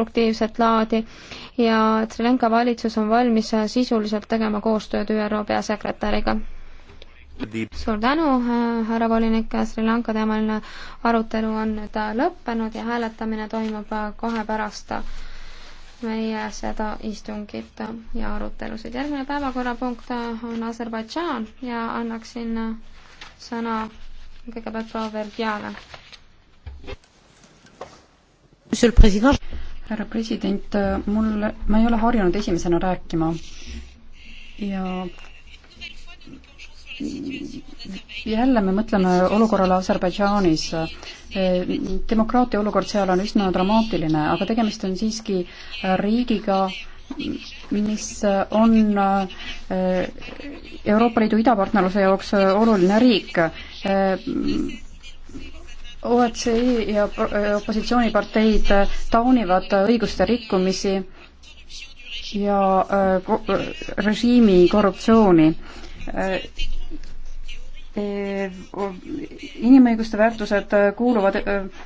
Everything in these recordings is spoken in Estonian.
konstruktiivset laadi ja Sri Lanka valitsus on valmis sisuliselt tegema koostööd ÜRO peasekretäriga. suur tänu, härra volinik, Sri Lanka teemaline arutelu on nüüd lõppenud ja hääletamine toimub kohe pärast meie seda istungit ja arutelusid. järgmine päevakorrapunkt on Aserbaidžaan ja annaksin sõna kõigepealt proua Verdiale. Monsieur le Président, härra president, mul, ma ei ole harjunud esimesena rääkima ja jälle me mõtleme olukorrale Aserbaidžaanis. E, demokraatia olukord seal on üsna dramaatiline, aga tegemist on siiski riigiga, mis on e, Euroopa Liidu idapartnerluse jaoks oluline riik e, OECE ja äh, opositsiooniparteid äh, taunivad äh, õiguste rikkumisi ja režiimi korruptsiooni inimõiguste väärtused kuuluvad e,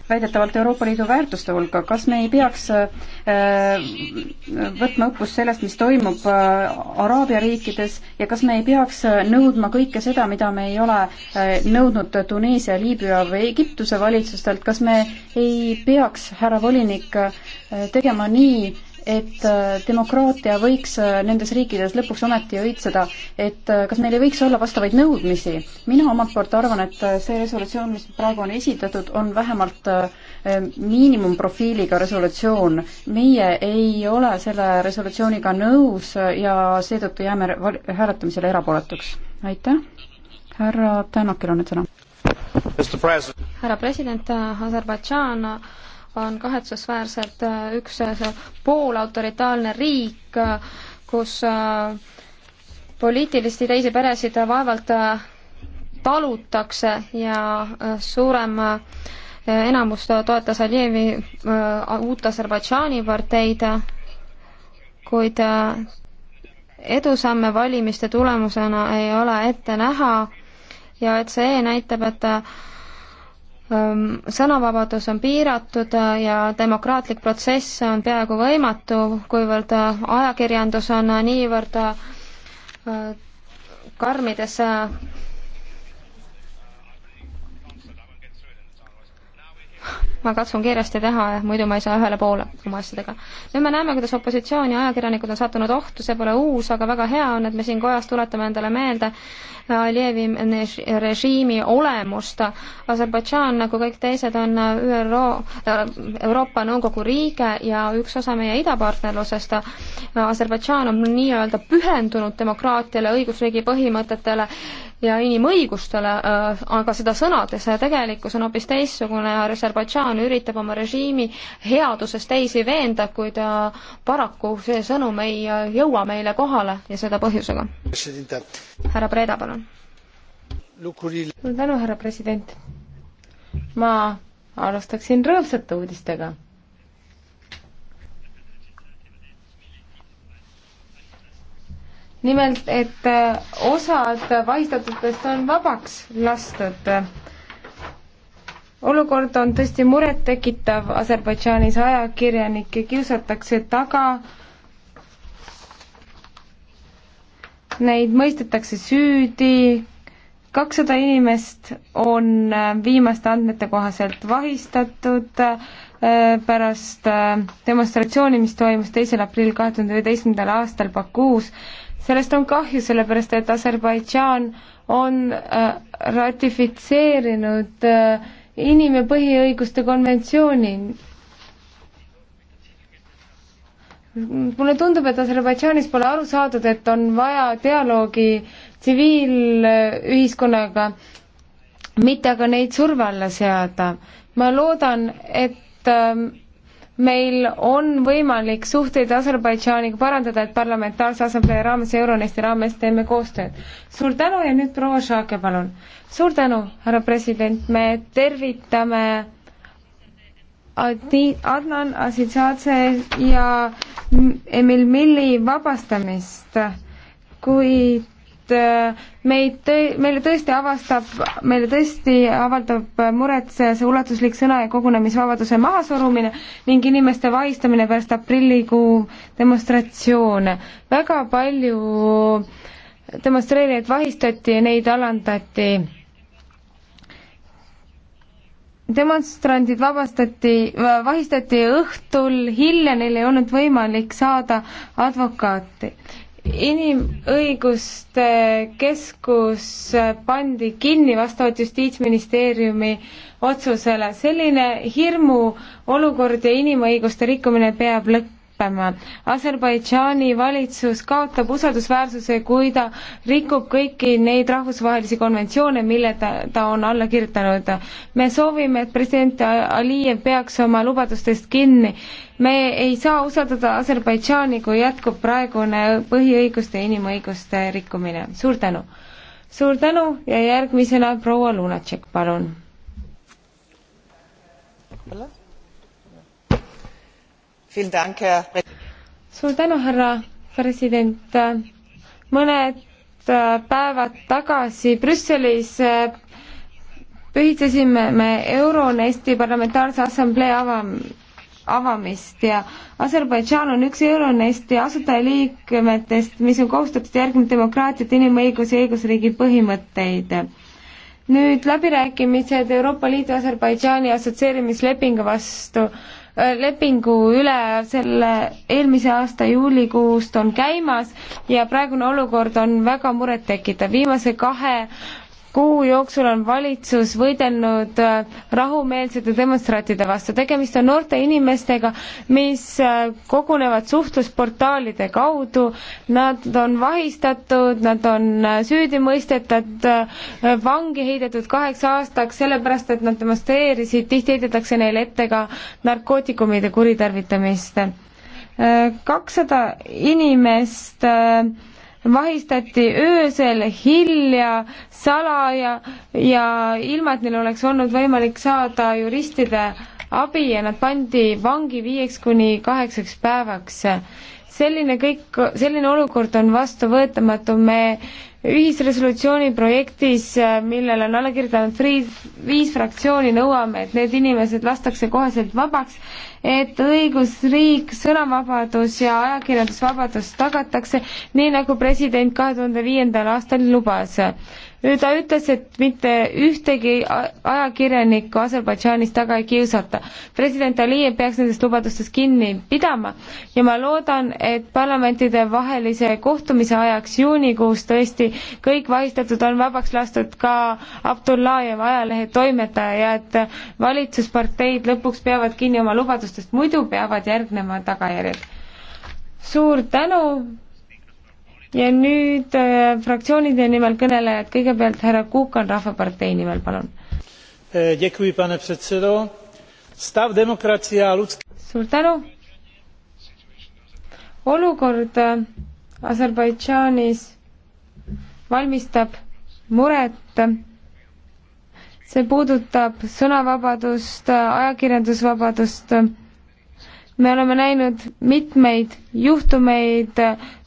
väidetavalt Euroopa Liidu väärtuste hulka, kas me ei peaks e, võtma õppust sellest, mis toimub e, Araabia riikides ja kas me ei peaks nõudma kõike seda, mida me ei ole nõudnud Tuneesia, Liibüa või Egiptuse valitsustelt, kas me ei peaks, härra volinik, tegema nii, et äh, demokraatia võiks äh, nendes riikides lõpuks ometi õitseda, et äh, kas meil ei võiks olla vastavaid nõudmisi? mina omalt poolt arvan, et see resolutsioon, mis praegu on esitatud, on vähemalt miinimumprofiiliga resolutsioon. meie ei ole selle resolutsiooniga nõus ja seetõttu jääme hääletamisele erapooletuks. aitäh. härra Tänakil on nüüd sõna. härra president, Aserbaidžaan on kahetsusväärselt äh, üks äh, poolautoritaalne riik, äh, kus poliitilisi teisi peresid vaevalt talutakse ja suurem enamus toetas Aljevi uut Aserbaidžaani parteid, kuid edusamme valimiste tulemusena ei ole ette näha ja et see näitab, et sõnavabadus on piiratud äh, ja demokraatlik protsess on peaaegu võimatu, kuivõrd äh, ajakirjandus on äh, niivõrd karmides ma katsun kiiresti teha, muidu ma ei saa ühele poole oma asjadega. nüüd me näeme, kuidas opositsioon ja ajakirjanikud on sattunud ohtu, see pole uus, aga väga hea on, et me siin kojas tuletame endale meelde äh, Aljevi režiimi olemust. Aserbaidžaan, nagu kõik teised, on ÜRO, äh, Euroopa Nõukogu liige ja üks osa meie idapartnerlusest. Aserbaidžaan on nii-öelda pühendunud demokraatiale, õigusriigi põhimõtetele ja inimõigustele, äh, aga seda sõnades, tegelikkus on hoopis teistsugune. Aserbaidžaan Iraan üritab oma režiimi headuses teisi veenda, kuid äh, paraku see sõnum ei äh, jõua meile kohale ja seda põhjusega. härra Preda, palun. suur tänu, härra president. ma alustaksin rõõmsate uudistega nimelt, et äh, osad vahistatutest on vabaks lastud olukord on tõesti murettekitav, Aserbaidžaanis ajakirjanikke kiusatakse taga, neid mõistetakse süüdi, kakssada inimest on äh, viimaste andmete kohaselt vahistatud äh, pärast äh, demonstratsiooni, mis toimus teisel aprillil kahe tuhande üheteistkümnendal aastal Bakuus. sellest on kahju, sellepärast et Aserbaidžaan on ratifitseerinud äh, inim- ja põhiõiguste konventsiooni. mulle tundub, et Aserbaidžaanis pole aru saadud, et on vaja dialoogi tsiviilühiskonnaga, mitte aga neid surve alla seada. ma loodan, et ähm, meil on võimalik suhteid Aserbaidžaaniga parandada, et parlamentaarse assamblee raames ja Euronesti raames teeme koostööd. suur tänu ja nüüd proua Šaake, palun. suur tänu, härra president, me tervitame Adi-, Adnan Asitsaadse ja Emil Milli vabastamist, kuid Äh, meid tõ-, meile tõesti avastab, meile tõesti avaldab muret see, see ulatuslik sõna- ja kogunemisvabaduse mahasurumine ning inimeste vahistamine pärast aprillikuu demonstratsioone. väga palju demonstreerijaid vahistati ja neid alandati. demonstrandid vabastati, vahistati õhtul hilja, neil ei olnud võimalik saada advokaati inimõiguste keskus pandi kinni vastavalt Justiitsministeeriumi otsusele. selline hirmuolukord ja inimõiguste rikkumine peab lõppema lõppema. Aserbaidžaani valitsus kaotab usaldusväärsuse, kui ta rikub kõiki neid rahvusvahelisi konventsioone, mille ta, ta on alla kirjutanud. me soovime, et president Alijev peaks oma lubadustest kinni. me ei saa usaldada Aserbaidžaani, kui jätkub praegune põhiõiguste ja inimõiguste rikkumine. suur tänu! suur tänu ja järgmisena proua Lunatšek, palun! Hello? suur tänu, härra president. mõned äh, päevad tagasi Brüsselis äh, pühitsesime me Euronesti parlamentaarse assamblee avam-, avamist ja Aserbaidžaan on üks Euronesti asutajaliikmetest, mis on kohustatud järgima demokraatiat, inimõigusi ja õigusriigi põhimõtteid. nüüd läbirääkimised Euroopa Liidu Aserbaidžaani assotsieerimislepingu vastu lepingu üle selle eelmise aasta juulikuust on käimas ja praegune olukord on väga murettekitav. viimase kahe kuu jooksul on valitsus võidelnud äh, rahumeelsete demonstraatide vastu. tegemist on noorte inimestega, mis äh, kogunevad suhtlusportaalide kaudu, nad on vahistatud, nad on äh, süüdi mõistetud, vangi heidetud kaheks aastaks, sellepärast et nad demonstreerisid, tihti heidetakse neile ette ka narkootikumide kuritarvitamist. kakssada inimest äh, vahistati öösel hilja, salaja ja ilma, et neil oleks olnud võimalik saada juristide abi ja nad pandi vangi viieks kuni kaheksaks päevaks. selline kõik, selline olukord on vastuvõetamatu, me ühisresolutsiooni projektis, äh, millele on alla kirjutanud viis fraktsiooni, nõuame, et need inimesed lastakse koheselt vabaks, et õigusriik, sõnavabadus ja ajakirjandusvabadus tagatakse, nii nagu president kahe tuhande viiendal aastal lubas ta ütles, et mitte ühtegi ajakirjanikku Aserbaidžaanis taga ei kiusata. president Alijev peaks nendest lubadustest kinni pidama ja ma loodan, et parlamentide vahelise kohtumise ajaks juunikuus tõesti kõik vahistatud on vabaks lastud, ka Abdullajev, ajalehe toimetaja ja et valitsusparteid lõpuks peavad kinni oma lubadustest, muidu peavad järgnema tagajärjed. suur tänu ja nüüd äh, fraktsioonide nimel kõnelejad, kõigepealt härra Kukan Rahvapartei nimel, palun äh, suur tänu! olukord äh, Aserbaidžaanis valmistab muret. see puudutab sõnavabadust, äh, ajakirjandusvabadust. me oleme näinud mitmeid juhtumeid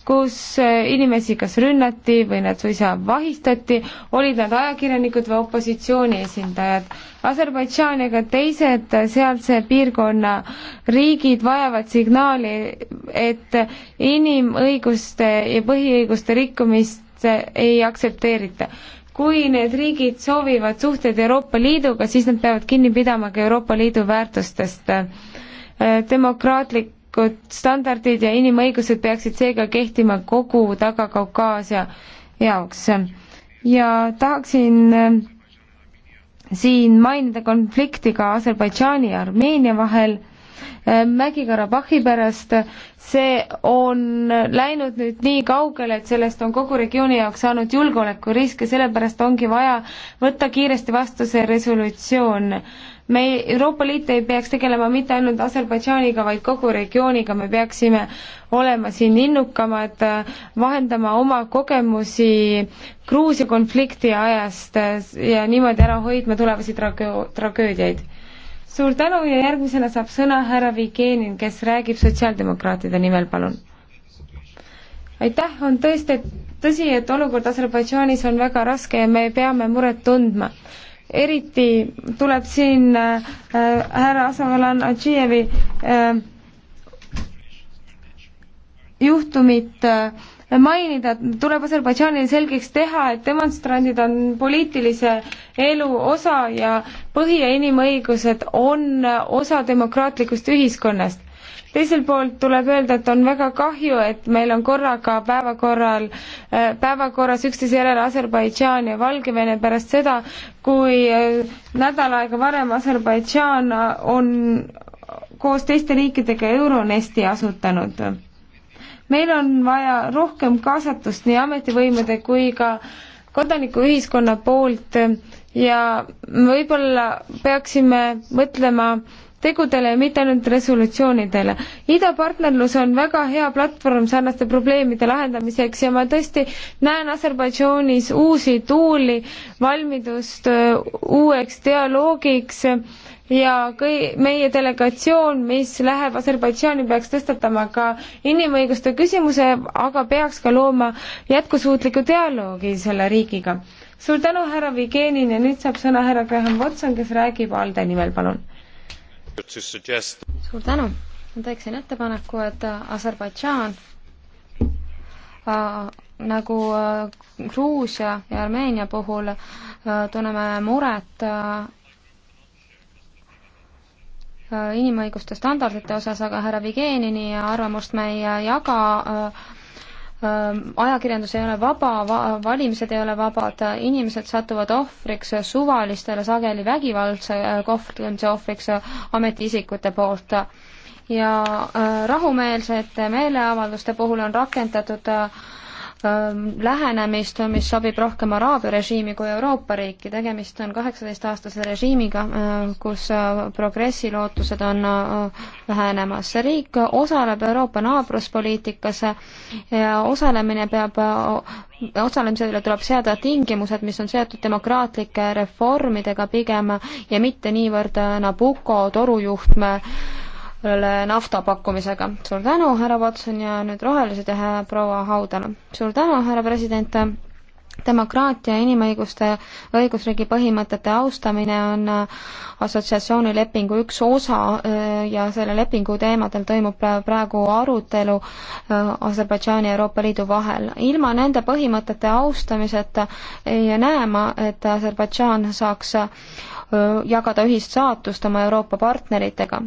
kus eh, inimesi kas rünnati või nad suisa vahistati, olid nad ajakirjanikud või opositsiooni esindajad. Aserbaidžaan ja ka teised sealse piirkonna riigid vajavad signaali, et inimõiguste ja põhiõiguste rikkumist eh, ei aktsepteerita kui need riigid soovivad suhteid Euroopa Liiduga, siis nad peavad kinni pidama ka Euroopa Liidu väärtustest. Eh, demokraatlik standardid ja inimõigused peaksid seega kehtima kogu Taga-Kaukaasia jaoks. ja tahaksin äh, siin mainida konflikti ka Aserbaidžaani ja Armeenia vahel Äh, Mägi-Karabahhi pärast. see on läinud nüüd nii kaugele, et sellest on kogu regiooni jaoks saanud julgeolekurisk ja sellepärast ongi vaja võtta kiiresti vastu see resolutsioon me ei, Euroopa Liit ei peaks tegelema mitte ainult Aserbaidžaaniga, vaid kogu regiooniga, me peaksime olema siin innukamad, vahendama oma kogemusi Gruusia konflikti ajast ja niimoodi ära hoidma tulevasi tragöö-, tragöödiaid suur tänu ja järgmisena saab sõna härra Vigenin, kes räägib sotsiaaldemokraatide nimel, palun. aitäh, on tõesti tõsi, et olukord Aserbaidžaanis on väga raske ja me peame muret tundma eriti tuleb siin äh, härra Asavalan Adžijevi äh, juhtumit äh, mainida, tuleb Aserbaidžaanil selgeks teha, et demonstrandid on poliitilise elu osa ja põhi- ja inimõigused on osa demokraatlikust ühiskonnast teiselt poolt tuleb öelda, et on väga kahju, et meil on korraga päevakorral, äh, päevakorras üksteise järel Aserbaidžaan ja Valgevene pärast seda, kui äh, nädal aega varem Aserbaidžaan äh, on koos teiste riikidega Euronesti asutanud meil on vaja rohkem kaasatust nii ametivõimude kui ka kodanikuühiskonna poolt ja võib-olla peaksime mõtlema tegudele ja mitte ainult resolutsioonidele. idapartnerlus on väga hea platvorm sarnaste probleemide lahendamiseks ja ma tõesti näen Aserbaidžaanis uusi tuuli, valmidust uueks dialoogiks ja kõi-, meie delegatsioon, mis läheb Aserbaidžaani, peaks tõstatama ka inimõiguste küsimuse, aga peaks ka looma jätkusuutliku dialoogi selle riigiga. suur tänu, härra Vigenin ja nüüd saab sõna härra Graham Watson, kes räägib ALDE nimel, palun suur tänu, ma teeksin ettepaneku, et äh, Aserbaidžaan äh, nagu äh, Gruusia ja Armeenia puhul äh, tunneme muret äh, äh, inimõiguste standardite osas, aga härra Vigenini arvamust me ei jaga ajakirjandus ei ole vaba va, valimised ei ole vabad, inimesed satuvad ohvriks suvalistele, sageli vägivaldse kohtlemise ohvriks ametiisikute poolt. ja rahumeelsete meeleavalduste puhul on rakendatud äh, Ähm, lähenemist, mis sobib rohkem Araabia režiimi kui Euroopa riiki. tegemist on kaheksateistaastase režiimiga, äh, kus äh, progressi lootused on äh, vähenemas. see riik osaleb Euroopa naabruspoliitikas ja osalemine peab, osalemisele tuleb seada tingimused, mis on seotud demokraatlike reformidega pigem ja mitte niivõrd Nabucco torujuhtme nafta pakkumisega. suur tänu, härra Watson ja nüüd rohelised ja proua Haudal. suur tänu, härra president. demokraatia ja inimõiguste õigusriigi põhimõtete austamine on assotsiatsiooni lepingu üks osa äh, ja selle lepingu teemadel toimub praegu arutelu äh, Aserbaidžaani ja Euroopa Liidu vahel. ilma nende põhimõtete austamiseta ei näe ma, et Aserbaidžaan saaks äh, jagada ühist saatust oma Euroopa partneritega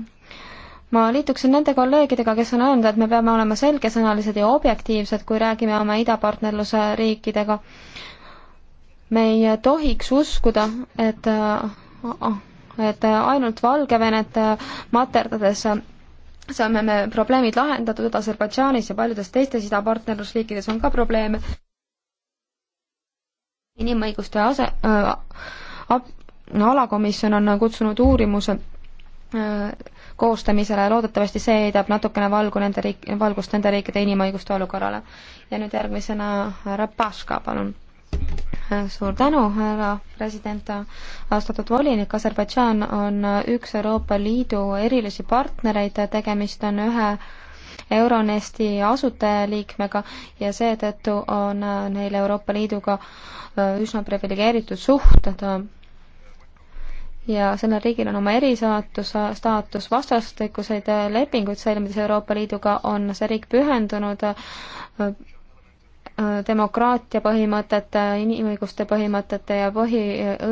ma liituksin nende kolleegidega, kes on öelnud, et me peame olema selgesõnalised ja objektiivsed, kui räägime oma idapartnerluse riikidega. me ei tohiks uskuda, et, et ainult Valgevenet materdades saame me probleemid lahendatud, Aserbaidžaanis ja paljudes teistes idapartnerlusriikides on ka probleeme. inimõiguste ase- äh,, alakomisjon on kutsunud uurimuse äh, koostamisele, loodetavasti see heidab natukene valgu nende riik, valgust nende riikide inimõiguste olukorrale. ja nüüd järgmisena härra Paška, palun suur tänu, härra president, austatud volinik, Aserbaidžaan on üks Euroopa Liidu erilisi partnereid, tegemist on ühe Euronesti asutajaliikmega ja seetõttu on neil Euroopa Liiduga üsna priviligeeritud suhted ja sellel riigil on oma erisaatus, staatus, vastastikuseid lepinguid sõlmides Euroopa Liiduga on see riik pühendunud äh, demokraatia põhimõtete, inimõiguste põhimõtete ja põhi,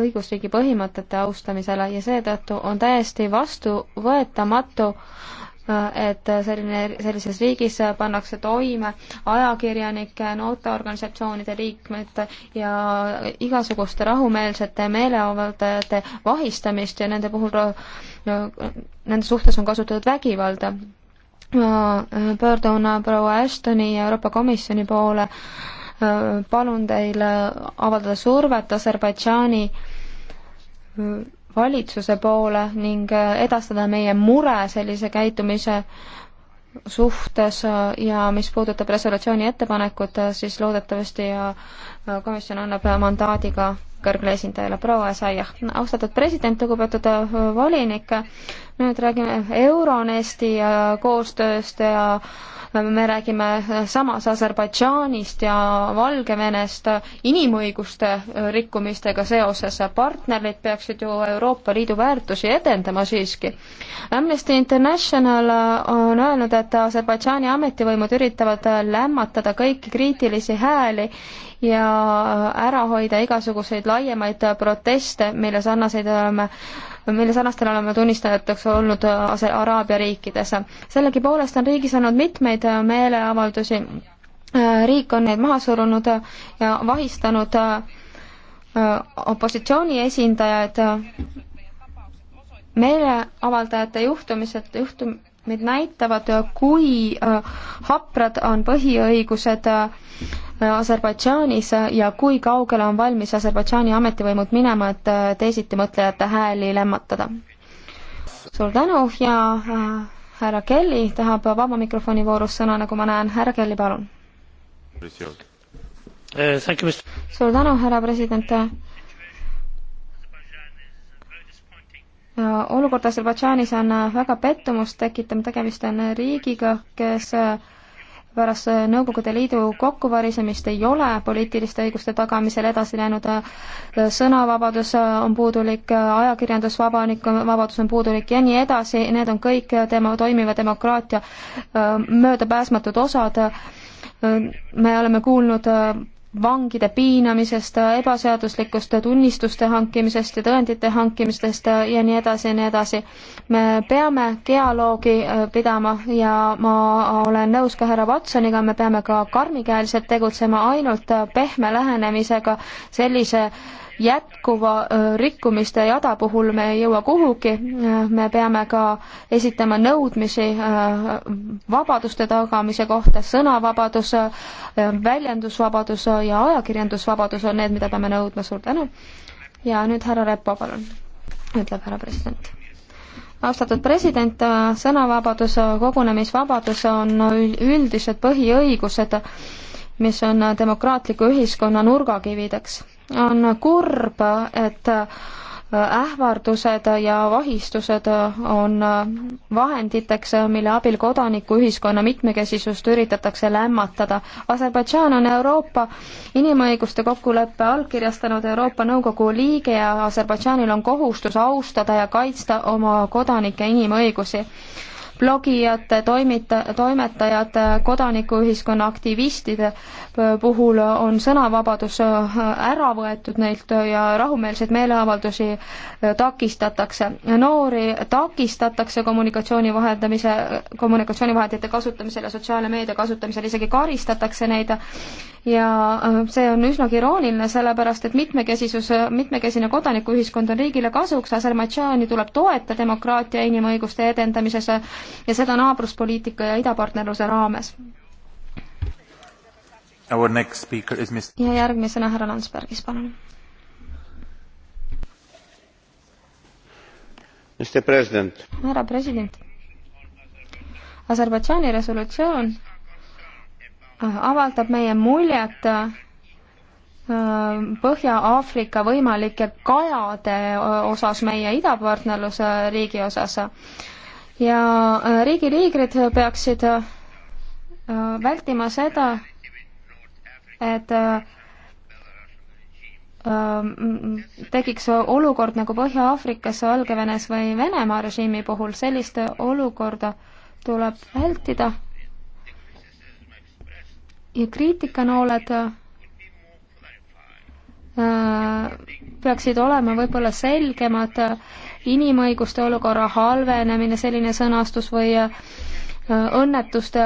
õigusriigi põhimõtete austamisele ja seetõttu on täiesti vastuvõetamatu et selline, sellises riigis pannakse toime ajakirjanike, noorteorganisatsioonide liikmed ja igasuguste rahumeelsete meeleavaldajate vahistamist ja nende puhul, nende suhtes on kasutatud vägivalda. pöördun proua Ashtoni ja Euroopa Komisjoni poole, palun teil avaldada survet Aserbaidžaani valitsuse poole ning äh, edastada meie mure sellise käitumise suhtes äh, ja mis puudutab resolutsiooni ettepanekut, äh, siis loodetavasti komisjon annab mandaadi ka kõrgele esindajale proua Esaiah. austatud president, lugupeetud volinik, nüüd räägime Euronesti koostööst ja me räägime samas Aserbaidžaanist ja Valgevenest inimõiguste rikkumistega seoses. partnerid peaksid ju Euroopa Liidu väärtusi edendama siiski. Amnesty International on öelnud, et Aserbaidžaani ametivõimud üritavad lämmatada kõiki kriitilisi hääli ja ära hoida igasuguseid laiemaid proteste, mille sarnaseid oleme mille sarnastel oleme tunnistajateks olnud äh, Araabia riikides. sellegipoolest on riigis olnud mitmeid äh, meeleavaldusi, äh, riik on neid maha surunud ja vahistanud opositsiooni esindajaid, meeleavaldajate juhtumised, juhtum-, meid näitavad, kui haprad on põhiõigused Äh, Aserbaidžaanis ja kui kaugele on valmis Aserbaidžaani ametivõimud minema, et äh, teisitimõtlejate hääli lämmatada? suur tänu ja äh, härra Kelly tahab vaba mikrofoni voorus sõna, nagu ma näen. härra Kelly, palun. Eh, suur tänu, härra president. olukord Aserbaidžaanis on väga pettumust tekitav, tegemist on riigiga, kes pärast äh, Nõukogude Liidu kokkuvarisemist ei ole poliitiliste õiguste tagamisel edasi läinud, äh, sõnavabadus äh, on puudulik, ajakirjandusvabanik, vabadus on puudulik ja nii edasi, need on kõik tema toimiva demokraatia möödapääsmatud osad me oleme kuulnud vangide piinamisest, ebaseaduslikust tunnistuste hankimisest ja tõendite hankimisest ja nii edasi ja nii edasi. me peame dialoogi äh, pidama ja ma olen nõus ka härra Watsoniga, me peame ka karmikäeliselt tegutsema, ainult pehme lähenemisega sellise äh, jätkuva rikkumiste jada puhul me ei jõua kuhugi, me peame ka esitama nõudmisi vabaduste tagamise kohta, sõnavabadus, väljendusvabadus ja ajakirjandusvabadus on need, mida peame nõudma, suur tänu. ja nüüd härra Repo, palun, ütleb härra president austatud president, sõnavabadus, kogunemisvabadus on üldised põhiõigused, mis on demokraatliku ühiskonna nurgakivideks on kurb, et äh, ähvardused ja vahistused on äh, vahenditeks, mille abil kodanikuühiskonna mitmekesisust üritatakse lämmatada. Aserbaidžaan on Euroopa inimõiguste kokkuleppe allkirjastanud Euroopa Nõukogu liige ja Aserbaidžaanil on kohustus austada ja kaitsta oma kodanike inimõigusi blogijate, toimita-, toimetajate, kodanikuühiskonna aktivistide äh, puhul on sõnavabadus äh, ära võetud neilt ja rahumeelseid meeleavaldusi äh, takistatakse. noori takistatakse kommunikatsiooni vahendamise, kommunikatsioonivahendite kasutamisel ja sotsiaalne meedia kasutamisel, isegi karistatakse neid ja see on üsnagi irooniline, sellepärast et mitmekesisus, mitmekesine kodanikuühiskond on riigile kasuks, Aserbaidžaani tuleb toeta demokraatia ja inimõiguste edendamises ja seda naabruspoliitika ja idapartnerluse raames. ja järgmisena härra Landsbergis, palun. härra president. Aserbaidžaani resolutsioon äh, avaldab meie muljet äh, Põhja-Aafrika võimalike kajade äh, osas meie idapartnerluse riigi osas ja äh, riigi liigrid peaksid äh, vältima seda, et äh, tekiks olukord nagu Põhja-Aafrikas, Valgevenes või Venemaa režiimi puhul, sellist olukorda tuleb vältida ja kriitikanooled Äh, peaksid olema võib-olla selgemad, äh, inimõiguste olukorra halvenemine, selline sõnastus või äh, õnnetuste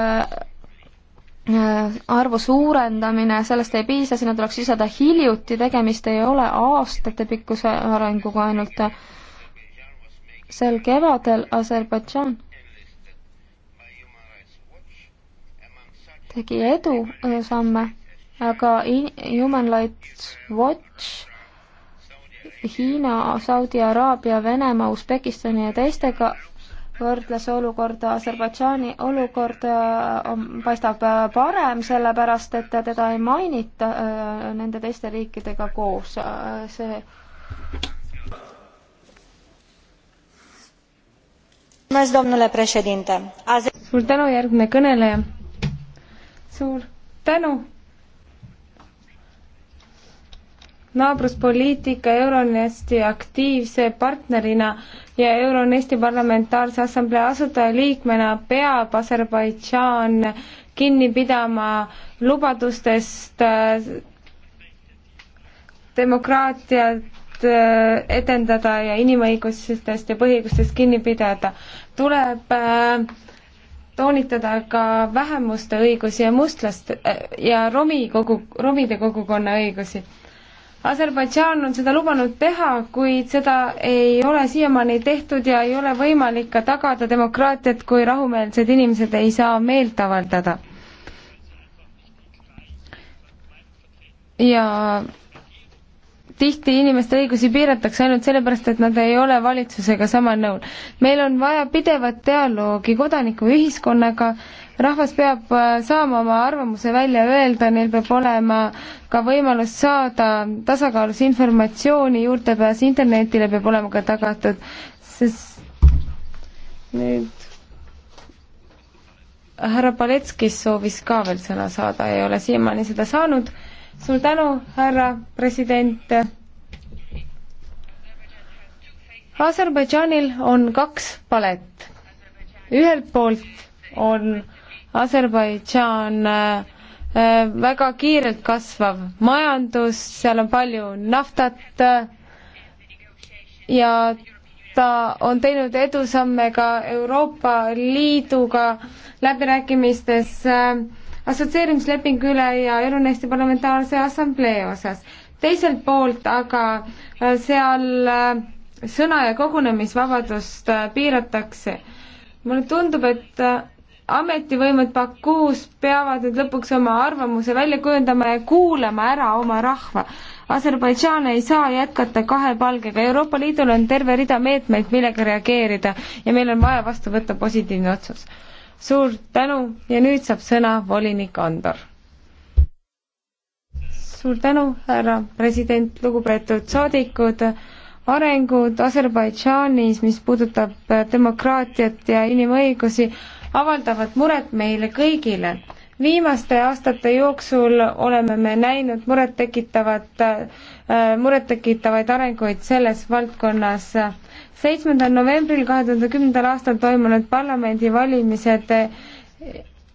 arvu suurendamine, sellest ei piisa, sinna tuleks lisada hiljuti, tegemist ei ole aastatepikkuse arenguga ainult. sel kevadel Aserbaidžaan tegi edusamme aga Human Rights Watch Hiina, Saudi Araabia, Venemaa, Usbekistani ja teistega võrdles olukorda Aserbaidžaani olukorda paistab äh, parem, sellepärast et teda ei mainita äh, nende teiste riikidega koos. Äh, see suur tänu, järgmine kõneleja. suur tänu naabruspoliitika Euronesti aktiivse partnerina ja Euronesti parlamentaarse assamblee asutajaliikmena peab Aserbaidžaan kinni pidama lubadustest äh, demokraatiat äh, edendada ja inimõigustest ja põhiõigustest kinni pidada. tuleb äh, toonitada ka vähemuste õigusi ja mustlaste äh, ja romi kogu, romide kogukonna õigusi. Aserbaidžaan on seda lubanud teha, kuid seda ei ole siiamaani tehtud ja ei ole võimalik ka tagada demokraatiat, kui rahumeelsed inimesed ei saa meelt avaldada. ja tihti inimeste õigusi piiratakse ainult sellepärast, et nad ei ole valitsusega samal nõul. meil on vaja pidevat dialoogi kodanikuühiskonnaga, rahvas peab äh, saama oma arvamuse välja öelda, neil peab olema ka võimalus saada tasakaalus informatsiooni, juurdepääs internetile peab olema ka tagatud, sest nüüd härra Paletskis soovis ka veel sõna saada, ei ole siiamaani seda saanud. suur tänu, härra president. Aserbaidžaanil on kaks palet. ühelt poolt on Aserbaidžaan äh, äh, väga kiirelt kasvav majandus, seal on palju naftat äh, ja ta on teinud edusamme ka Euroopa Liiduga läbirääkimistes assotsieerimislepingu üle ja Euronesti Parlamentaarse Assamblee osas. teiselt poolt aga seal sõna- ja kogunemisvabadust piiratakse. mulle tundub, et ametivõimud Bakuus peavad nüüd lõpuks oma arvamuse välja kujundama ja kuulama ära oma rahva. Aserbaidžaan ei saa jätkata kahe palgega, Euroopa Liidul on terve rida meetmeid, millega reageerida ja meil on vaja vastu võtta positiivne otsus. suur tänu ja nüüd saab sõna volinik Andor. suur tänu, härra president, lugupeetud saadikud arengud Aserbaidžaanis, mis puudutab demokraatiat ja inimõigusi, avaldavad muret meile kõigile. viimaste aastate jooksul oleme me näinud murettekitavat, äh, murettekitavaid arenguid selles valdkonnas. seitsmendal novembril kahe tuhande kümnendal aastal toimunud parlamendivalimised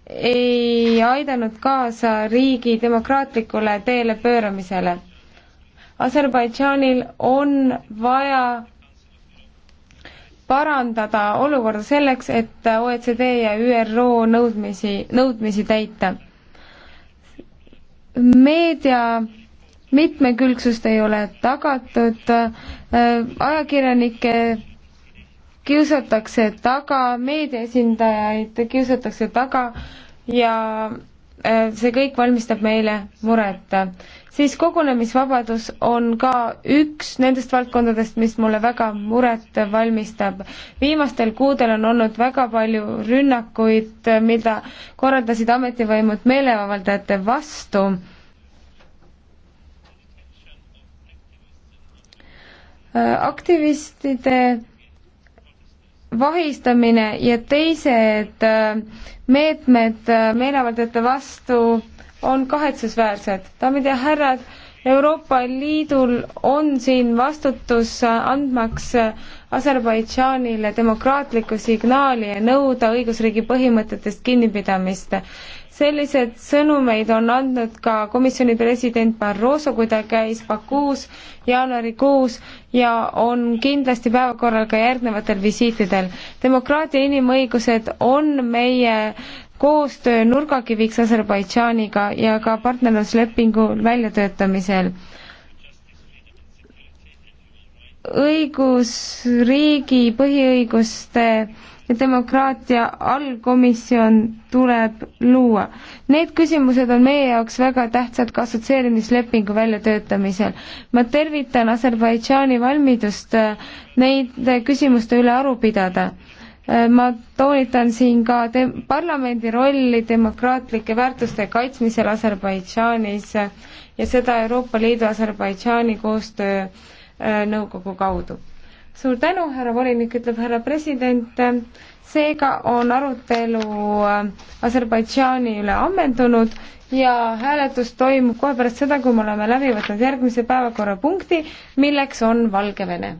ei aidanud kaasa riigi demokraatlikule teele pööramisele. Aserbaidžaanil on vaja parandada olukorda selleks, et OECD ja ÜRO nõudmisi, nõudmisi täita. meedia mitmekülgsust ei ole tagatud, ajakirjanikke kiusatakse taga, meediaesindajaid kiusatakse taga ja äh, see kõik valmistab meile muret siis kogunemisvabadus on ka üks nendest valdkondadest, mis mulle väga muret valmistab. viimastel kuudel on olnud väga palju rünnakuid, mida korraldasid ametivõimud meeleavaldajate vastu. aktivistide vahistamine ja teised meetmed meeleavaldajate vastu on kahetsusväärsed. daamid ja härrad, Euroopa Liidul on siin vastutus andmaks Aserbaidžaanile demokraatlikku signaali ja nõuda õigusriigi põhimõtetest kinnipidamist. sellised sõnumeid on andnud ka komisjoni president Barroso, kui ta käis Bakuus jaanuarikuus ja on kindlasti päevakorral ka järgnevatel visiitidel. demokraatia ja inimõigused on meie koostöö nurgakiviks Aserbaidžaaniga ja ka partnerluslepingu väljatöötamisel. õigusriigi põhiõiguste ja demokraatia allkomisjon tuleb luua. Need küsimused on meie jaoks väga tähtsad ka assotsieerimislepingu väljatöötamisel. ma tervitan Aserbaidžaani valmidust neid küsimuste üle aru pidada ma toonitan siin ka te-, parlamendi rolli demokraatlike väärtuste kaitsmisel Aserbaidžaanis ja seda Euroopa Liidu Aserbaidžaani koostöö äh, nõukogu kaudu. suur tänu, härra volinik, ütleb härra president, seega on arutelu äh, Aserbaidžaani üle ammendunud ja hääletus toimub kohe pärast seda, kui me oleme läbi võtnud järgmise päevakorrapunkti, milleks on Valgevene